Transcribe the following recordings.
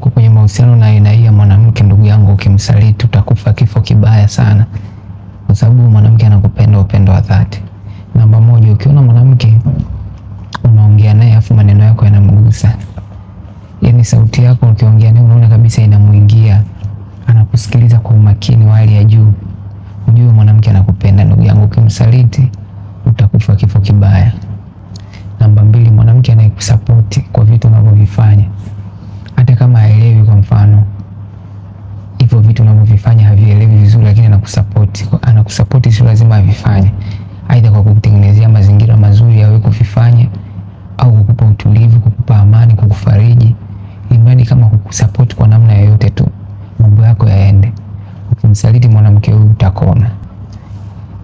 uko kwenye mahusiano na aina hii ya mwanamke, ndugu yangu, ukimsaliti utakufa kifo kibaya sana, kwa sababu mwanamke anakupenda upendo wa dhati. Namba moja, ukiona mwanamke unaongea naye afu maneno yako yanamgusa, yani sauti yako ukiongea naye unaona kabisa inamuingia, anakusikiliza kwa umakini wa hali ya juu, ujue mwanamke anakupenda ndugu yangu, ukimsaliti utakufa kifo kibaya. anakusapoti si lazima avifanye, aidha kwa kukutengenezea mazingira mazuri yawe wewe kuvifanya, au kukupa utulivu, kukupa amani, kukufariji, imradi kama kukusapoti kwa namna yoyote tu, mambo yako yaende. Ukimsaliti mwanamke huyu utakona.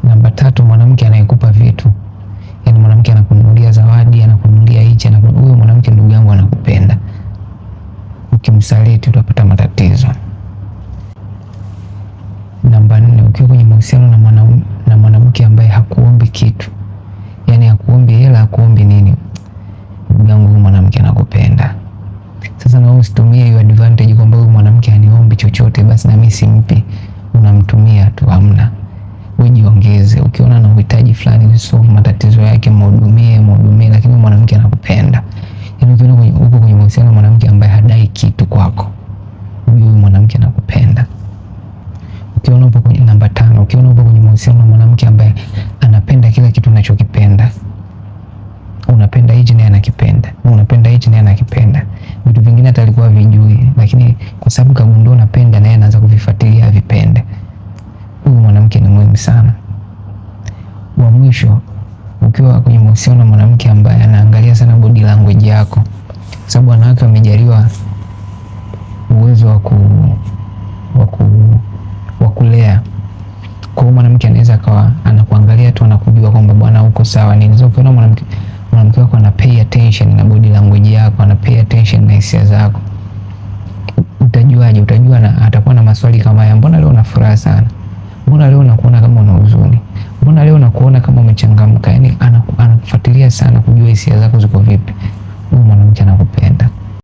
Namba tatu, mwanamke anayekupa vitu, yani mwanamke anakununulia zawadi, anakununulia hichi, huyo mwanamke, ndugu yangu, anakupenda. Ukimsaliti utapata matatizo. Namba nne, ukiwa kwenye mahusiano mwanamke ambaye hakuombi kitu, yaani hakuombi hela, hakuombi nini, ndugu huyu mwanamke anakupenda. Sasa na wewe usitumie hiyo advantage kwamba huyu mwanamke haniombi chochote, basi na mimi simpi. Unamtumia tu, hamna. Wewe jiongeze, ukiona na uhitaji fulani, usolve matatizo yake, mhudumie, mhudumie, lakini mwanamke anakupenda. Yaani ukiona uko kwenye mahusiano na mwanamke ambaye hadai kitu kwako, huyu mwanamke anakupenda. Ukiona upo kwenye namba tano, ukiona upo kwenye mahusiano unachokipenda. Unapenda hichi naye anakipenda, unapenda hichi naye anakipenda. Vitu vingine hata alikuwa vijui, lakini kwa sababu kagundua unapenda, naye anaanza kuvifuatilia avipende. Huyu mwanamke ni muhimu sana. Wa mwisho, ukiwa kwenye mahusiano na mwanamke ambaye anaangalia sana body language yako, kwa sababu wanawake wamejaliwa uwezo wa ku mwanamke anaweza akawa anakuangalia tu anakujua kwamba bwana uko sawa nini. So ukiona mwanamke mwanamke wako ana pay attention na body language yako, ana pay attention na hisia zako, utajuaje? Utajua na atakuwa na maswali kama haya, mbona leo una furaha sana? Mbona leo unakuona kama una huzuni? Mbona leo unakuona kama umechangamka? Yani anakufuatilia sana kujua hisia zako ziko vipi.